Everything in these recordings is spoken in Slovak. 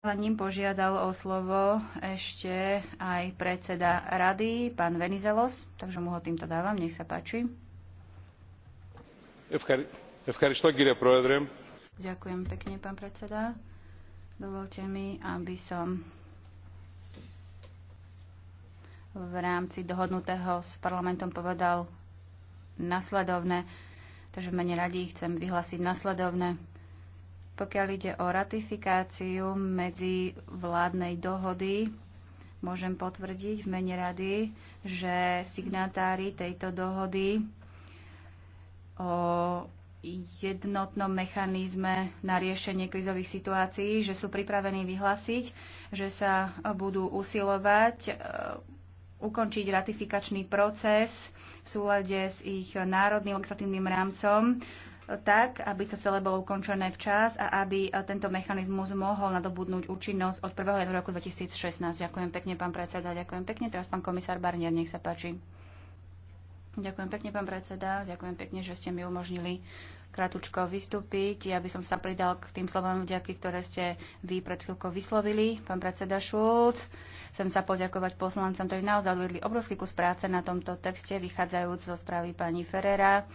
Ním požiadal o slovo ešte aj predseda rady, pán Venizelos, takže mu ho týmto dávam, nech sa páči. Ďakujem pekne, pán predseda. Dovolte mi, aby som v rámci dohodnutého s parlamentom povedal nasledovné. Takže mene radí chcem vyhlásiť nasledovné pokiaľ ide o ratifikáciu medzi vládnej dohody, môžem potvrdiť v mene rady, že signatári tejto dohody o jednotnom mechanizme na riešenie krizových situácií, že sú pripravení vyhlásiť, že sa budú usilovať e, ukončiť ratifikačný proces v súlade s ich národným legislatívnym rámcom tak, aby to celé bolo ukončené včas a aby e, tento mechanizmus mohol nadobudnúť účinnosť od 1. januára roku 2016. Ďakujem pekne, pán predseda, ďakujem pekne. Teraz pán komisár Barnier, nech sa páči. Ďakujem pekne, pán predseda, ďakujem pekne, že ste mi umožnili kratučko vystúpiť. Ja by som sa pridal k tým slovám vďaky, ktoré ste vy pred chvíľkou vyslovili, pán predseda Šulc. Chcem sa poďakovať poslancom, ktorí naozaj odvedli obrovský kus práce na tomto texte, vychádzajúc zo správy pani Ferrera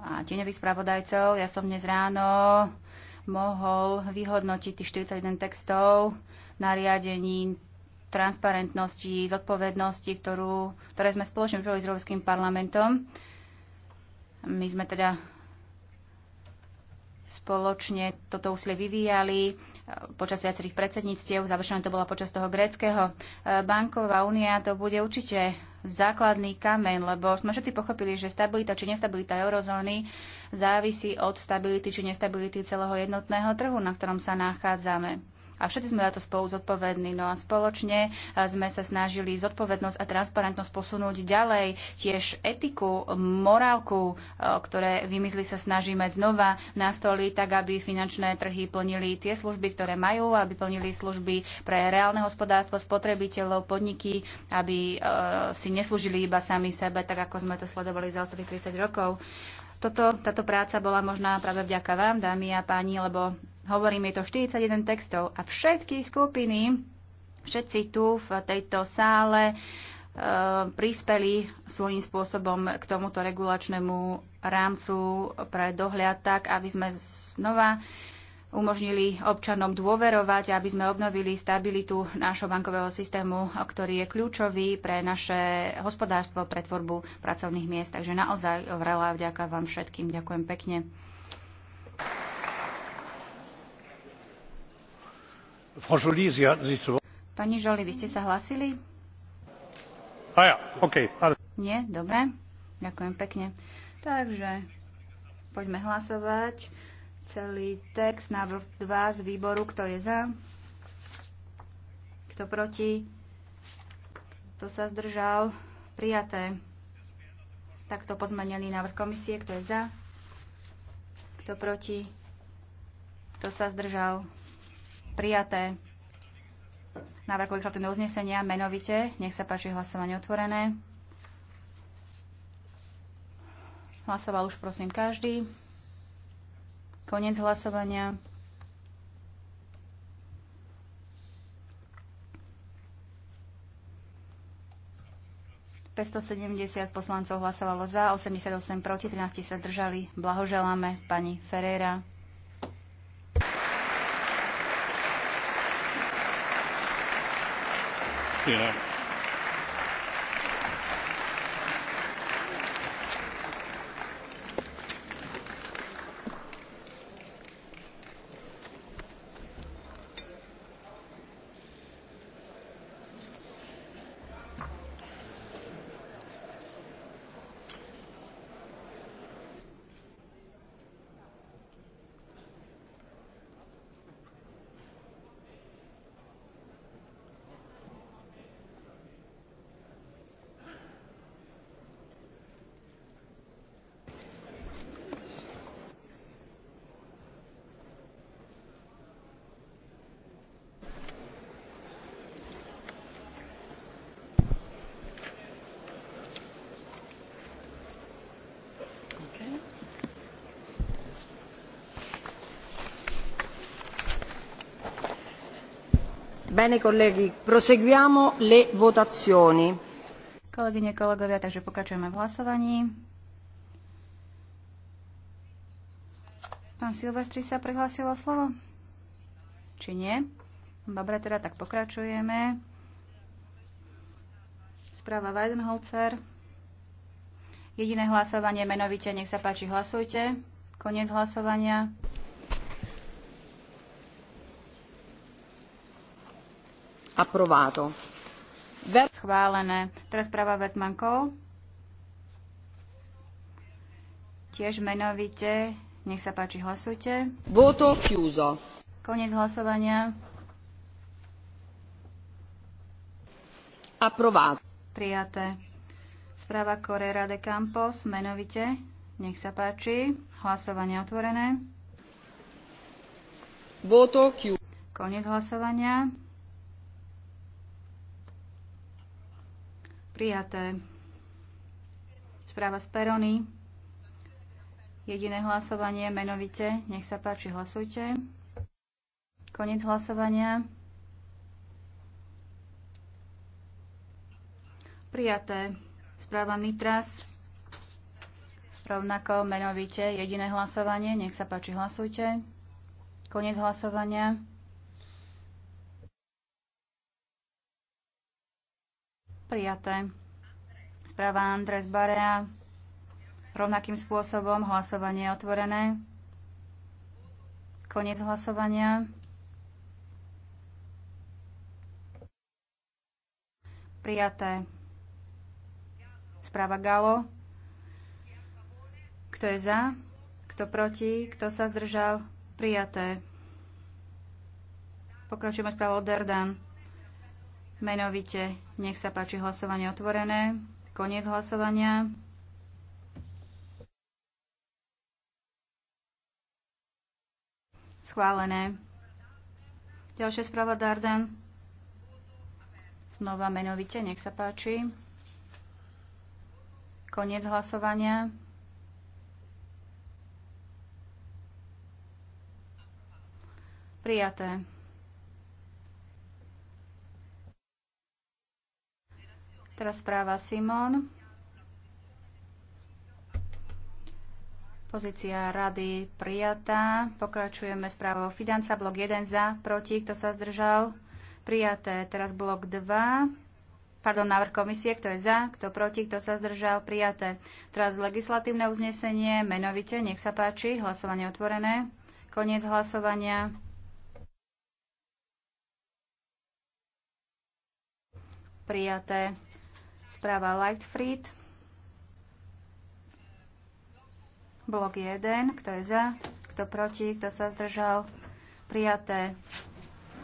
a tieňových spravodajcov. Ja som dnes ráno mohol vyhodnotiť tých 41 textov nariadení transparentnosti, zodpovednosti, ktorú, ktoré sme spoločne vyprili s Európskym parlamentom. My sme teda spoločne toto úsilie vyvíjali počas viacerých predsedníctiev. Završené to bola počas toho gréckého. E, banková únia to bude určite základný kameň, lebo sme všetci pochopili, že stabilita či nestabilita eurozóny závisí od stability či nestability celého jednotného trhu, na ktorom sa nachádzame a všetci sme za to spolu zodpovední. No a spoločne e, sme sa snažili zodpovednosť a transparentnosť posunúť ďalej, tiež etiku, morálku, e, ktoré vymysli sa snažíme znova nastoliť, tak aby finančné trhy plnili tie služby, ktoré majú, aby plnili služby pre reálne hospodárstvo, spotrebiteľov, podniky, aby e, si neslúžili iba sami sebe, tak ako sme to sledovali za ostatných 30 rokov. Toto, táto práca bola možná práve vďaka vám, dámy a páni, lebo Hovorím, je to 41 textov a všetky skupiny, všetci tu v tejto sále e, prispeli svojím spôsobom k tomuto regulačnému rámcu pre dohľad tak, aby sme znova umožnili občanom dôverovať, aby sme obnovili stabilitu nášho bankového systému, ktorý je kľúčový pre naše hospodárstvo, pre tvorbu pracovných miest. Takže naozaj veľa vďaka vám všetkým. Ďakujem pekne. Pani Žoli, vy ste sa hlásili? A ah ja, okay. Nie? Dobre. Ďakujem pekne. Takže poďme hlasovať. Celý text, návrh 2 z výboru, kto je za? Kto proti? Kto sa zdržal? Prijaté. Takto pozmenený návrh komisie, kto je za? Kto proti? Kto sa zdržal? prijaté. Návrh legislatívneho uznesenia menovite. Nech sa páči hlasovanie otvorené. Hlasoval už prosím každý. Konec hlasovania. ...570 poslancov hlasovalo za, 88 proti, 13 sa držali. Blahoželáme pani Ferreira. vielen Bene, colleghi, proseguiamo le votazioni. Kolegyne, kolegovia, takže pokračujeme v hlasovaní. Pán Silvestri sa prihlásil o slovo? Či nie? Dobre, teda tak pokračujeme. Správa Weidenholzer. Jediné hlasovanie menovite. Nech sa páči, hlasujte. Koniec hlasovania. approvato. Ver... Schválené. Teraz práva Vetmankov. Tiež menovite. Nech sa páči, hlasujte. Voto chiuso. Konec hlasovania. Approvato. Prijaté. Správa Correra de Campos, menovite. Nech sa páči. Hlasovanie otvorené. Voto chiuso. Konec hlasovania. Prijaté. Správa z Perony. Jediné hlasovanie, menovite. Nech sa páči, hlasujte. Koniec hlasovania. Prijaté. Správa Nitras. Rovnako menovite. Jediné hlasovanie. Nech sa páči, hlasujte. Koniec hlasovania. Prijaté. Správa Andres Barea. Rovnakým spôsobom hlasovanie je otvorené. Koniec hlasovania. Prijaté. Správa Galo. Kto je za? Kto proti? Kto sa zdržal? Prijaté. Pokračujeme správou Derdan. Menovite, nech sa páči hlasovanie otvorené. Koniec hlasovania. Schválené. Ďalšia správa Darden. Znova menovite, nech sa páči. Koniec hlasovania. Prijaté. Teraz správa Simon. Pozícia rady prijatá. Pokračujeme správou Fidanca. Blok 1 za, proti, kto sa zdržal. Prijaté. Teraz blok 2 pardon, návrh komisie, kto je za, kto proti, kto sa zdržal, prijaté. Teraz legislatívne uznesenie, menovite, nech sa páči, hlasovanie otvorené, koniec hlasovania. Prijaté. Správa Lightfried. Blok 1. Kto je za? Kto proti? Kto sa zdržal? Prijaté.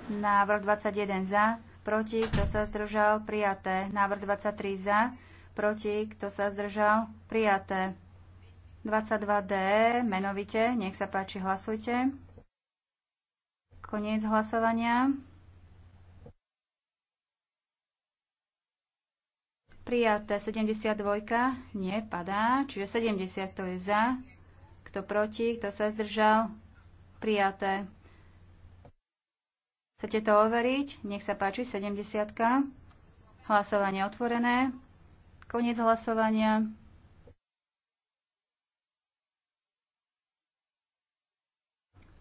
Návrh 21 za. Proti? Kto sa zdržal? Prijaté. Návrh 23 za. Proti? Kto sa zdržal? Prijaté. 22D, menovite, nech sa páči, hlasujte. Koniec hlasovania. Prijaté 72, nie, padá. Čiže 70, kto je za, kto proti, kto sa zdržal, prijaté. Chcete to overiť? Nech sa páči, 70. Hlasovanie otvorené. Koniec hlasovania.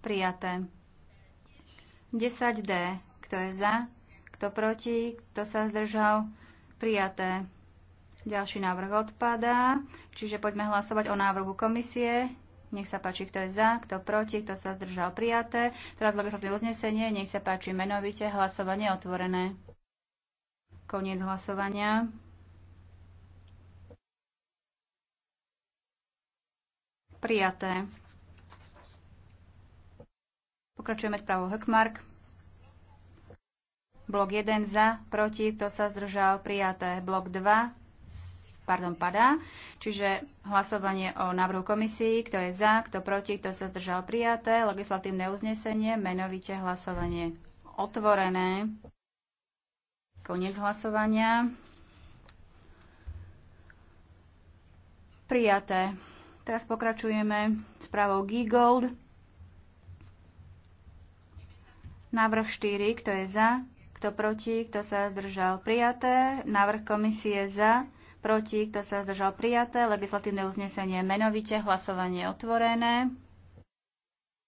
Prijaté. 10D. Kto je za? Kto proti? Kto sa zdržal? Prijaté. Ďalší návrh odpadá, čiže poďme hlasovať o návrhu komisie. Nech sa páči, kto je za, kto proti, kto sa zdržal prijaté. Teraz legislatívne uznesenie, nech sa páči menovite, hlasovanie otvorené. Koniec hlasovania. Prijaté. Pokračujeme s právou Hökmark. Blok 1 za, proti, kto sa zdržal, prijaté. Blok 2, pardon, padá. Čiže hlasovanie o návrhu komisii, kto je za, kto proti, kto sa zdržal, prijaté. Legislatívne uznesenie, menovite hlasovanie otvorené. Koniec hlasovania. Prijaté. Teraz pokračujeme správou Gigold. Návrh 4, kto je za, kto proti, kto sa zdržal prijaté, návrh komisie za, proti, kto sa zdržal prijaté, legislatívne uznesenie menovite, hlasovanie otvorené.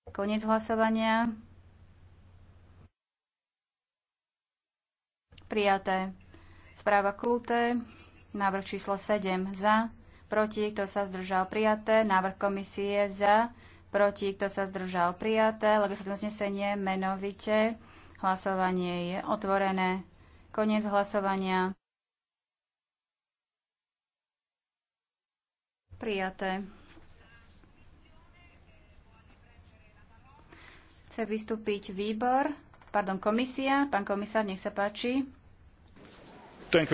Koniec hlasovania. Prijaté. Správa Kulte. Návrh číslo 7 za. Proti, kto sa zdržal prijaté. Návrh komisie za. Proti, kto sa zdržal prijaté. Legislatívne uznesenie menovite. Hlasovanie je otvorené. Koniec hlasovania. Prijaté. Chce vystúpiť výbor, pardon, komisia. Pán komisár, nech sa páči. You,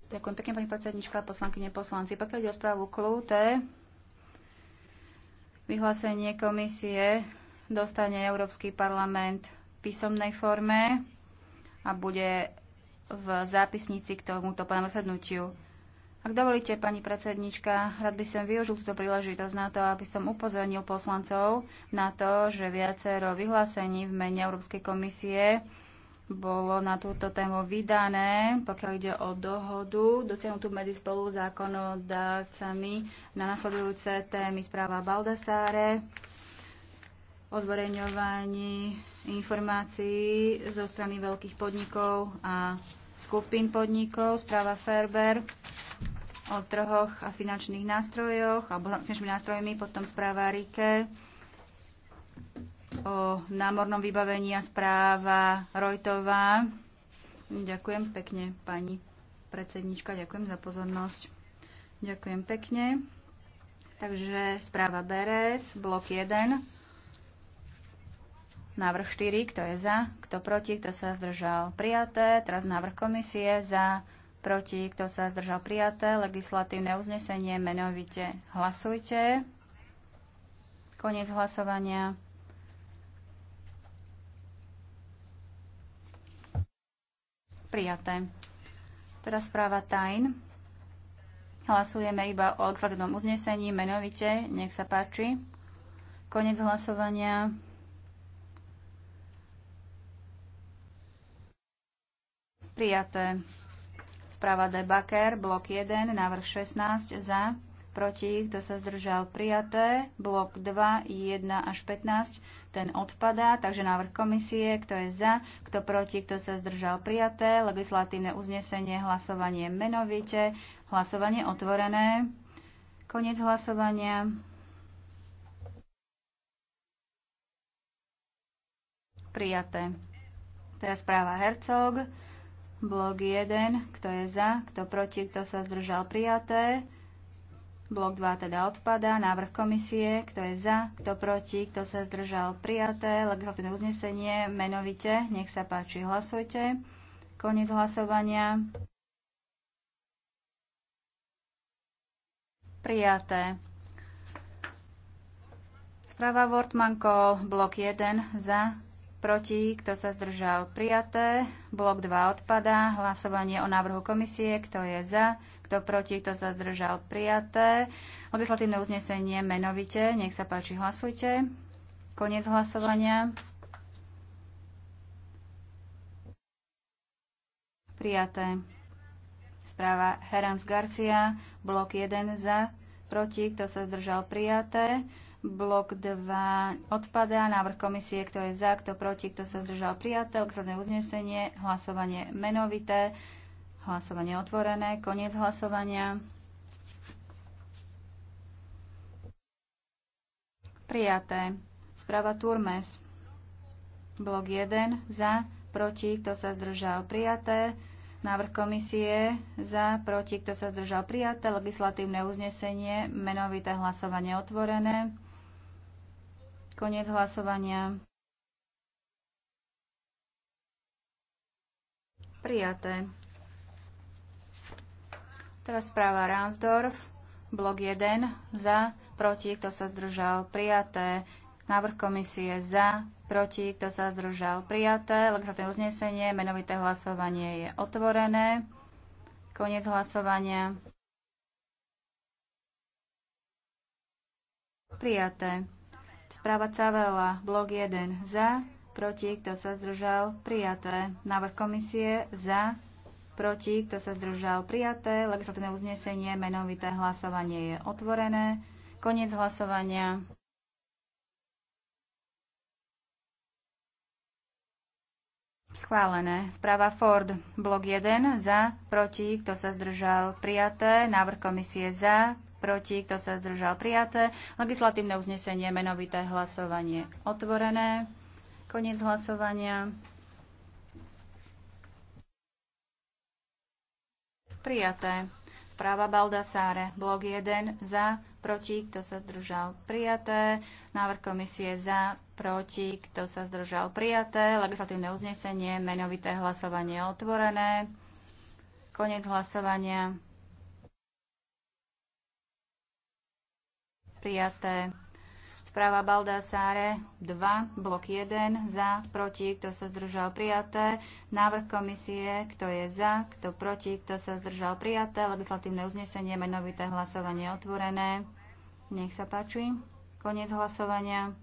Ďakujem pekne, pani predsednička, poslankyne, poslanci. Pokiaľ ide o správu Klúte, vyhlásenie komisie dostane Európsky parlament písomnej forme a bude v zápisnici k tomuto pánu sednutiu. Ak dovolíte, pani predsednička, rád by som využil túto príležitosť na to, aby som upozornil poslancov na to, že viacero vyhlásení v mene Európskej komisie bolo na túto tému vydané, pokiaľ ide o dohodu dosiahnutú medzi spolu na nasledujúce témy správa Baldasáre, o zverejňovaní informácií zo strany veľkých podnikov a skupín podnikov, správa Ferber o trhoch a finančných nástrojoch, alebo finančnými nástrojmi, potom správa Rike o námornom vybavení a správa Rojtová. Ďakujem pekne, pani predsednička, ďakujem za pozornosť. Ďakujem pekne. Takže správa Beres, blok 1. Návrh 4, kto je za, kto proti, kto sa zdržal prijaté. Teraz návrh komisie za, proti, kto sa zdržal prijaté. Legislatívne uznesenie menovite hlasujte. Koniec hlasovania. Prijaté. Teraz správa tajn. Hlasujeme iba o legislatívnom uznesení menovite. Nech sa páči. Koniec hlasovania. Prijaté. Správa Debaker, blok 1, návrh 16, za, proti, kto sa zdržal, prijaté. Blok 2, 1 až 15, ten odpadá, takže návrh komisie, kto je za, kto proti, kto sa zdržal, prijaté. Legislatívne uznesenie, hlasovanie menovite, hlasovanie otvorené. Konec hlasovania. Prijaté. Teraz správa Hercog. Blok 1, kto je za, kto proti, kto sa zdržal prijaté. Blok 2 teda odpada. Návrh komisie, kto je za, kto proti, kto sa zdržal prijaté. Legislatívne uznesenie menovite. Nech sa páči, hlasujte. Koniec hlasovania. Prijaté. Správa Wortmanko, blok 1, za, proti, kto sa zdržal, prijaté. Blok 2 odpadá. Hlasovanie o návrhu komisie, kto je za, kto proti, kto sa zdržal, prijaté. Legislatívne uznesenie menovite. Nech sa páči, hlasujte. Koniec hlasovania. Prijaté. Správa Herans Garcia, blok 1 za, proti, kto sa zdržal prijaté. Blok 2 odpadá. Návrh komisie, kto je za, kto proti, kto sa zdržal priateľ, Legislatívne uznesenie. Hlasovanie menovité. Hlasovanie otvorené. Koniec hlasovania. Prijaté. Správa Turmes. Blok 1 za, proti, kto sa zdržal prijaté. Návrh komisie za, proti, kto sa zdržal prijaté, legislatívne uznesenie, menovité hlasovanie otvorené. Koniec hlasovania. Prijaté. Teraz správa Ransdorf. Blok 1. Za. Proti. Kto sa zdržal? Prijaté. Návrh komisie za, proti, kto sa zdržal, prijaté. Legislatívne uznesenie, menovité hlasovanie je otvorené. Koniec hlasovania. Prijaté. Správa Cavela, blok 1 za, proti, kto sa zdržal, prijaté. Návrh komisie za, proti, kto sa zdržal, prijaté. Legislatívne uznesenie, menovité hlasovanie je otvorené. Koniec hlasovania. Schválené. Správa Ford. Blok 1. Za. Proti. Kto sa zdržal? Prijaté. Návrh komisie za proti, kto sa zdržal prijaté. Legislatívne uznesenie, menovité hlasovanie otvorené. Koniec hlasovania. Prijaté. Správa Baldasáre. Blok 1 za, proti, kto sa zdržal prijaté. Návrh komisie za, proti, kto sa zdržal prijaté. Legislatívne uznesenie, menovité hlasovanie otvorené. Konec hlasovania. prijaté. Správa Baldassare 2, blok 1, za, proti, kto sa zdržal prijaté. Návrh komisie, kto je za, kto proti, kto sa zdržal prijaté. Legislatívne uznesenie, menovité hlasovanie otvorené. Nech sa páči. Koniec hlasovania.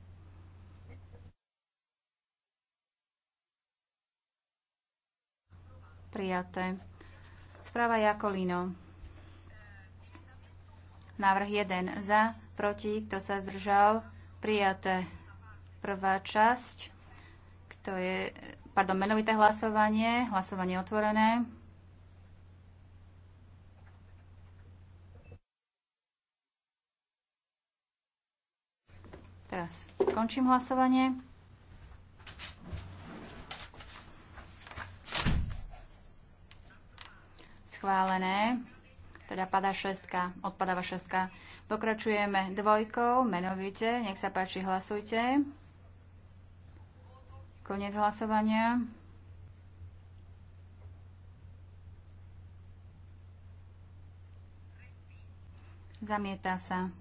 Prijaté. Správa Jakolino. Návrh 1 za, proti, kto sa zdržal, prijaté. Prvá časť, kto je, pardon, menovité hlasovanie, hlasovanie otvorené. Teraz končím hlasovanie. Schválené teda padá šestka, odpadáva šestka. Pokračujeme dvojkou, menovite, nech sa páči, hlasujte. Koniec hlasovania. Zamieta sa.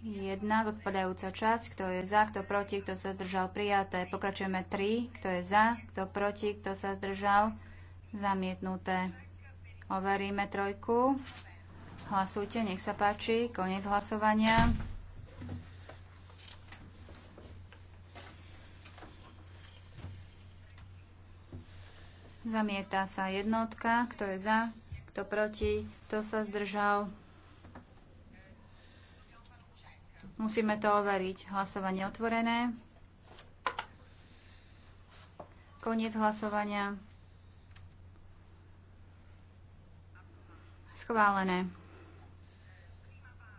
Jedna zodpadajúca časť, kto je za, kto proti, kto sa zdržal, prijaté. Pokračujeme 3, kto je za, kto proti, kto sa zdržal, zamietnuté. Overíme trojku. Hlasujte, nech sa páči. Koniec hlasovania. Zamieta sa jednotka. Kto je za? Kto proti? Kto sa zdržal? Musíme to overiť. Hlasovanie otvorené. Koniec hlasovania. Schválené.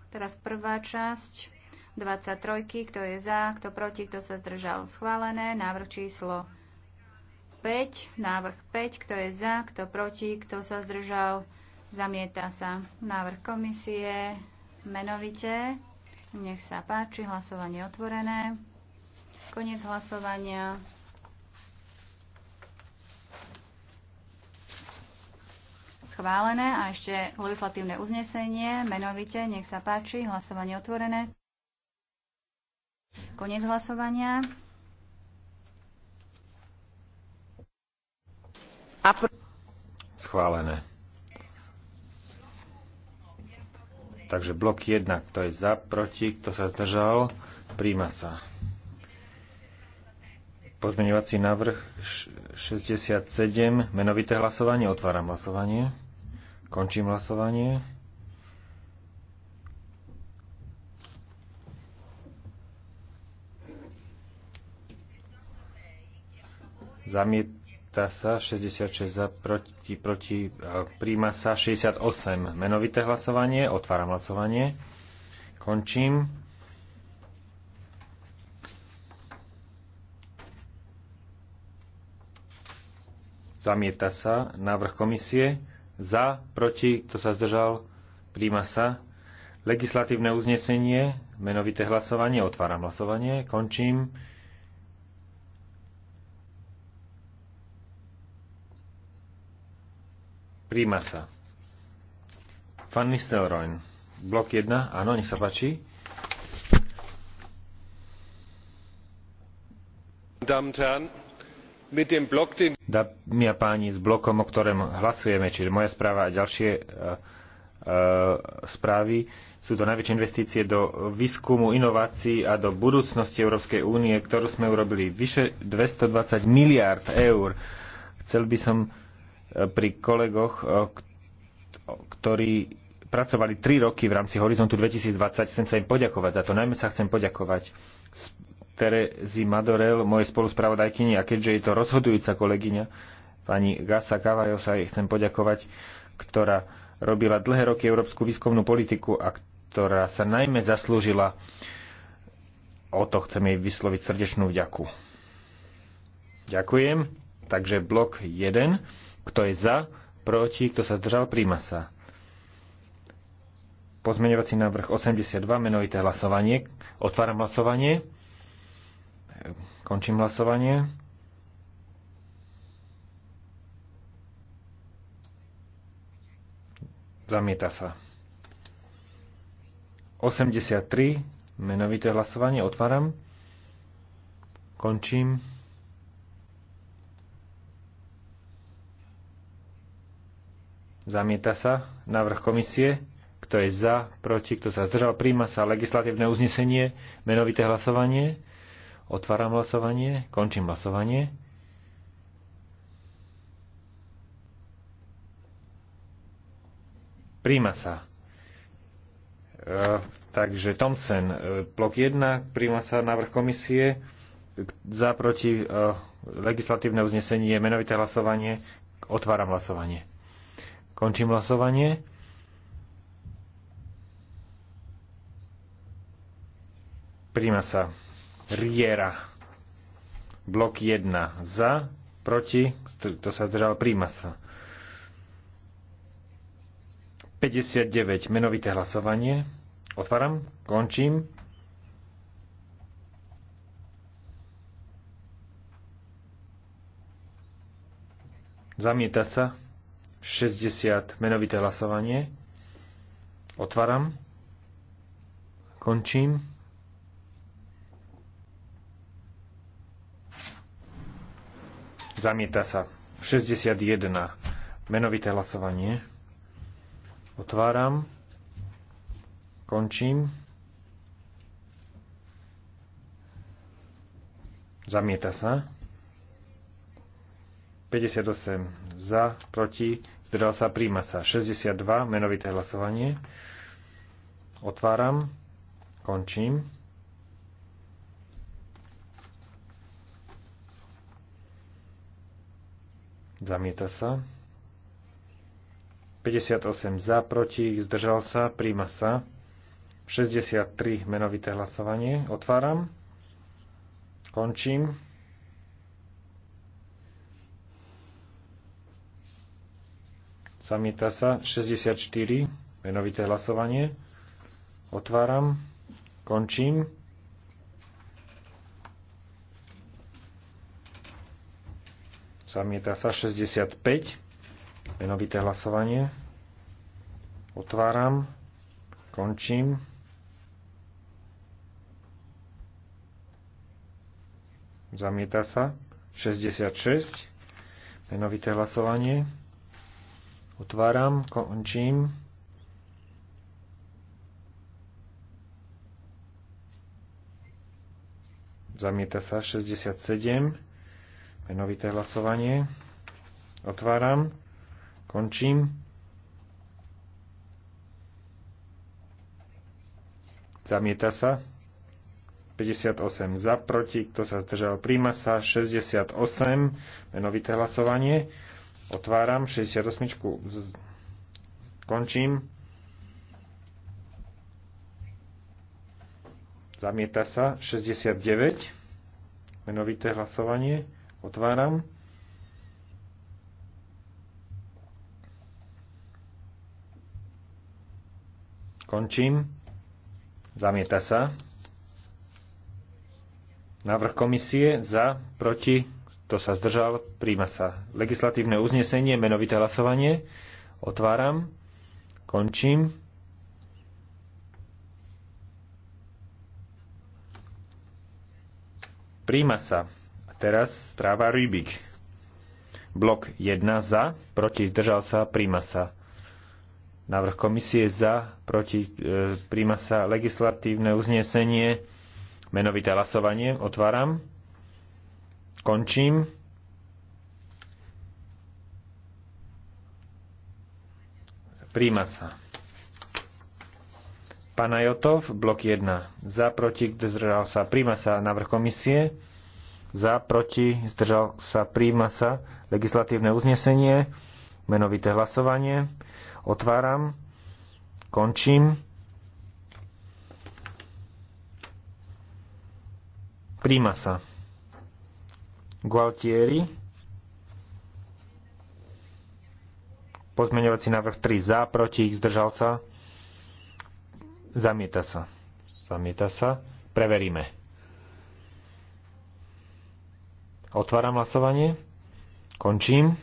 Teraz prvá časť 23. Kto je za, kto proti, kto sa zdržal. Schválené. Návrh číslo 5. Návrh 5. Kto je za, kto proti, kto sa zdržal. Zamieta sa. Návrh komisie menovite. Nech sa páči. Hlasovanie otvorené. Koniec hlasovania. Schválené a ešte legislatívne uznesenie, menovite, nech sa páči, hlasovanie otvorené. Koniec hlasovania. Schválené. Takže blok 1, kto je za, proti, kto sa zdržal, príjma sa. Pozmeňovací návrh 67, menovité hlasovanie, otváram hlasovanie. Končím hlasovanie. Zamieta sa 66 za proti, proti e, príjma sa 68. Menovité hlasovanie. Otváram hlasovanie. Končím. Zamieta sa návrh komisie za, proti, kto sa zdržal, príjma sa. Legislatívne uznesenie, menovité hlasovanie, otváram hlasovanie, končím. Príjma sa. Van Nistelrooy, blok 1, áno, nech sa páči. Dámy a páni, Dámy a páni, s blokom, o ktorom hlasujeme, čiže moja správa a ďalšie e, e, správy, sú to najväčšie investície do výskumu, inovácií a do budúcnosti Európskej únie, ktorú sme urobili vyše 220 miliárd eur. Chcel by som e, pri kolegoch, ktorí pracovali 3 roky v rámci Horizontu 2020, chcem sa im poďakovať za to. Najmä sa chcem poďakovať Terezy Madorel, mojej spoluspravodajkyni, a keďže je to rozhodujúca kolegyňa, pani Gasa Kavajo sa jej chcem poďakovať, ktorá robila dlhé roky európsku výskumnú politiku a ktorá sa najmä zaslúžila. O to chcem jej vysloviť srdečnú vďaku. Ďakujem. Takže blok 1. Kto je za, proti, kto sa zdržal, príjma sa. Pozmeňovací návrh 82, menovité hlasovanie. Otváram hlasovanie. Končím hlasovanie. Zamieta sa. 83, menovité hlasovanie, otváram. Končím. Zamieta sa návrh komisie. Kto je za, proti, kto sa zdržal, príjma sa legislatívne uznesenie, menovité hlasovanie. Otváram hlasovanie, končím hlasovanie. Príjma sa. E, takže Tomsen, e, blok 1, príjma sa návrh komisie za proti e, legislatívne uznesenie, menovité hlasovanie, otváram hlasovanie. Končím hlasovanie. Príjma sa. Riera. Blok 1 za, proti, to sa zdržal, príjma sa. 59 menovité hlasovanie. Otváram, končím. Zamieta sa. 60 menovité hlasovanie. Otváram. Končím. Zamieta sa. 61. Menovité hlasovanie. Otváram. Končím. Zamieta sa. 58 za, proti, zdržal sa, príjma sa. 62, menovité hlasovanie. Otváram, končím. Zamieta sa. 58 za, proti, zdržal sa, príjma sa. 63 menovité hlasovanie. Otváram. Končím. Zamieta sa. 64 menovité hlasovanie. Otváram. Končím. Zamieta sa 65. Menovité hlasovanie. Otváram. Končím. Zamieta sa 66. Menovité hlasovanie. Otváram. Končím. Zamieta sa 67. Menovité hlasovanie. Otváram. Končím. Zamieta sa. 58 za, proti, kto sa zdržal, príjma sa, 68, menovité hlasovanie, otváram, 68, končím, zamieta sa, 69, menovité hlasovanie, Otváram. Končím. Zamieta sa. Návrh komisie za, proti, to sa zdržal, príjma sa. Legislatívne uznesenie, menovité hlasovanie. Otváram. Končím. Príjma sa. Teraz správa Rybik. Blok 1 za, proti zdržal sa, Primasa. sa. Návrh komisie za, proti e, Primasa sa legislatívne uznesenie, menovité hlasovanie. Otváram. Končím. Príma sa. Panajotov, blok 1. Za, proti, zdržal sa, príma sa návrh komisie za, proti, zdržal sa, príjma sa, legislatívne uznesenie, menovité hlasovanie, otváram, končím, príjma sa. Gualtieri, pozmeňovací návrh 3 za, proti, zdržal sa, zamieta sa, zamieta sa, preveríme. Otváram hlasovanie. Končím.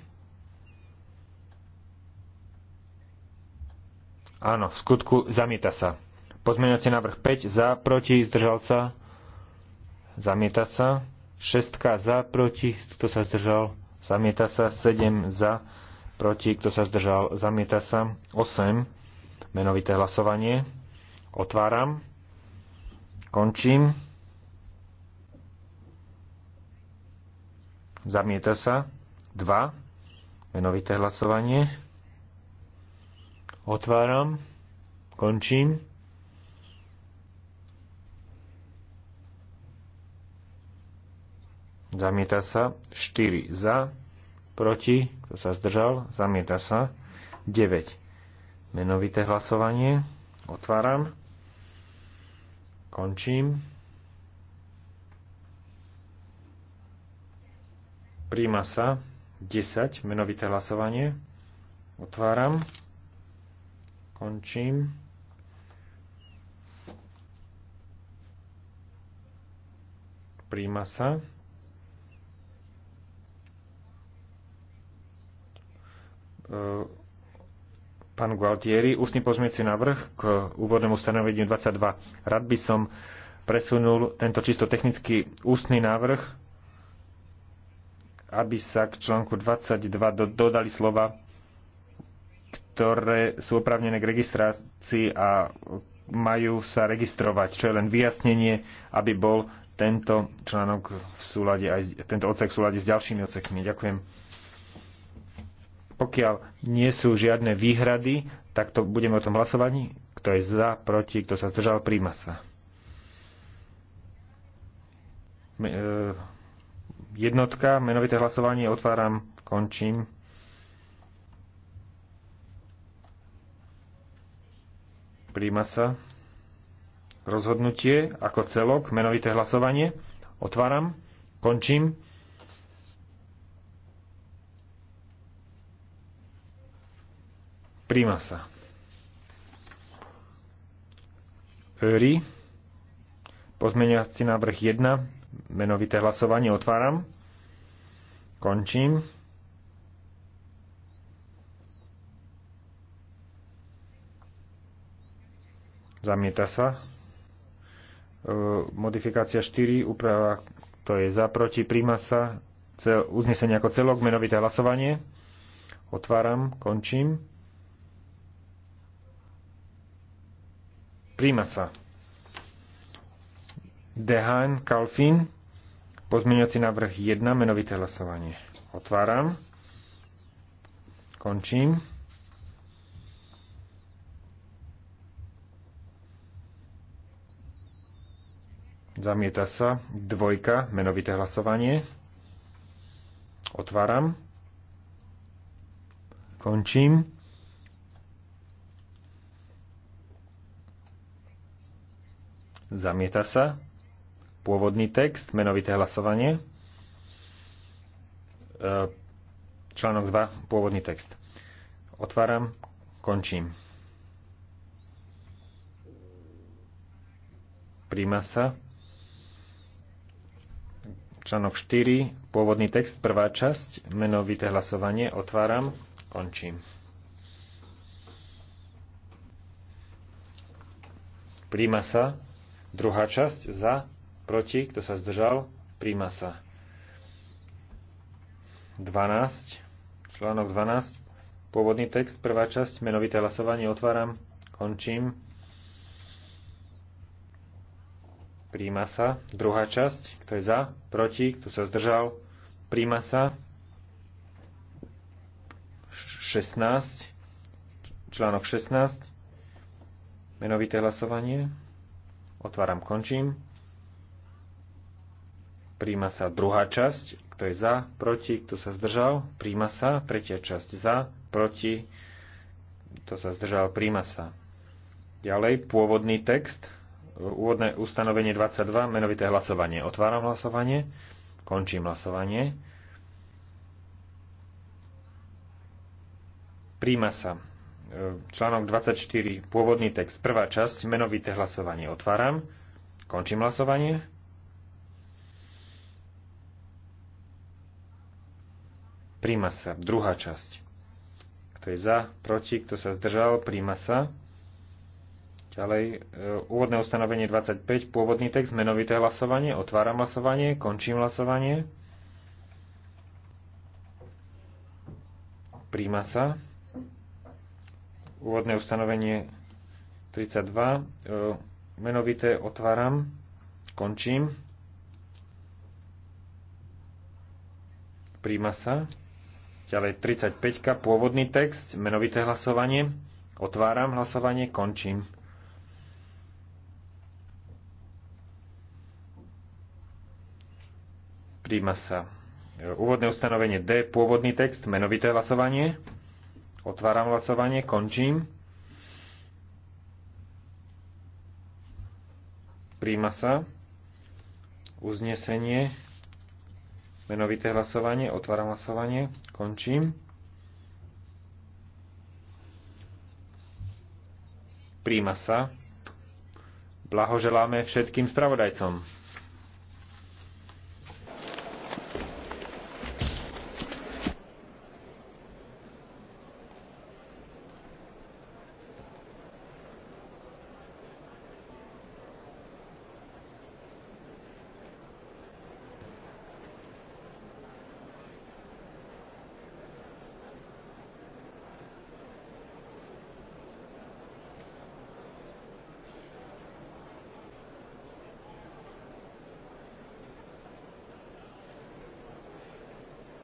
Áno, v skutku zamieta sa. Pozmeňujúci návrh 5 za, proti, zdržal sa. Zamieta sa. 6 za, proti, kto sa zdržal. Zamieta sa. 7 za, proti, kto sa zdržal. Zamieta sa. 8. Menovité hlasovanie. Otváram. Končím. Zamieta sa. 2. Menovité hlasovanie. Otváram. Končím. Zamieta sa. 4 za. Proti. Kto sa zdržal? Zamieta sa. 9. Menovité hlasovanie. Otváram. Končím. Príjma sa 10, menovité hlasovanie. Otváram. Končím. Príjma sa. E, pán Gualtieri, ústny pozmieci návrh k úvodnému stanoveniu 22. Rád by som presunul tento čisto technický ústny návrh aby sa k článku 22 do, dodali slova, ktoré sú oprávnené k registrácii a majú sa registrovať, čo je len vyjasnenie, aby bol tento článok v súlade aj tento odsek v súlade s ďalšími odsekmi. Ďakujem. Pokiaľ nie sú žiadne výhrady, tak to budeme o tom hlasovaní. Kto je za, proti, kto sa zdržal, príjma sa. My, e jednotka, menovité hlasovanie, otváram, končím. Príjma sa rozhodnutie ako celok, menovité hlasovanie. Otváram, končím. Príjma sa. Öri, pozmeniaci návrh 1, menovité hlasovanie otváram. Končím. Zamieta sa. E, modifikácia 4, úprava, to je za, proti, príjma sa. uznesenie ako celok, menovité hlasovanie. Otváram, končím. Príjma sa. Dehaň, Kalfín, pozmeňovací návrh 1, menovité hlasovanie. Otváram. Končím. Zamieta sa. Dvojka, menovité hlasovanie. Otváram. Končím. Zamieta sa pôvodný text, menovité hlasovanie. E, článok 2, pôvodný text. Otváram, končím. Príjma sa. Článok 4, pôvodný text, prvá časť, menovité hlasovanie. Otváram, končím. Príjma sa. Druhá časť za proti, kto sa zdržal, príjma sa. 12, článok 12, pôvodný text, prvá časť, menovité hlasovanie, otváram, končím, príjma sa. Druhá časť, kto je za, proti, kto sa zdržal, príjma sa. 16, článok 16, menovité hlasovanie, otváram, končím, Príjma sa druhá časť, kto je za, proti, kto sa zdržal, príjma sa. Tretia časť za, proti, kto sa zdržal, príjma sa. Ďalej, pôvodný text, úvodné ustanovenie 22, menovité hlasovanie. Otváram hlasovanie, končím hlasovanie. Príjma sa. Článok 24, pôvodný text, prvá časť, menovité hlasovanie. Otváram, končím hlasovanie. Príjma sa. Druhá časť. Kto je za, proti, kto sa zdržal, príjma sa. Ďalej, e, úvodné ustanovenie 25, pôvodný text, menovité hlasovanie, otváram hlasovanie, končím hlasovanie. Príjma sa. Úvodné ustanovenie 32, e, menovité otváram, končím. Príjma sa. Ďalej 35, pôvodný text, menovité hlasovanie. Otváram hlasovanie, končím. Príjma sa e, úvodné ustanovenie D, pôvodný text, menovité hlasovanie. Otváram hlasovanie, končím. Príjma sa uznesenie Menovité hlasovanie, otváram hlasovanie, končím. Príjma sa. Blahoželáme všetkým spravodajcom.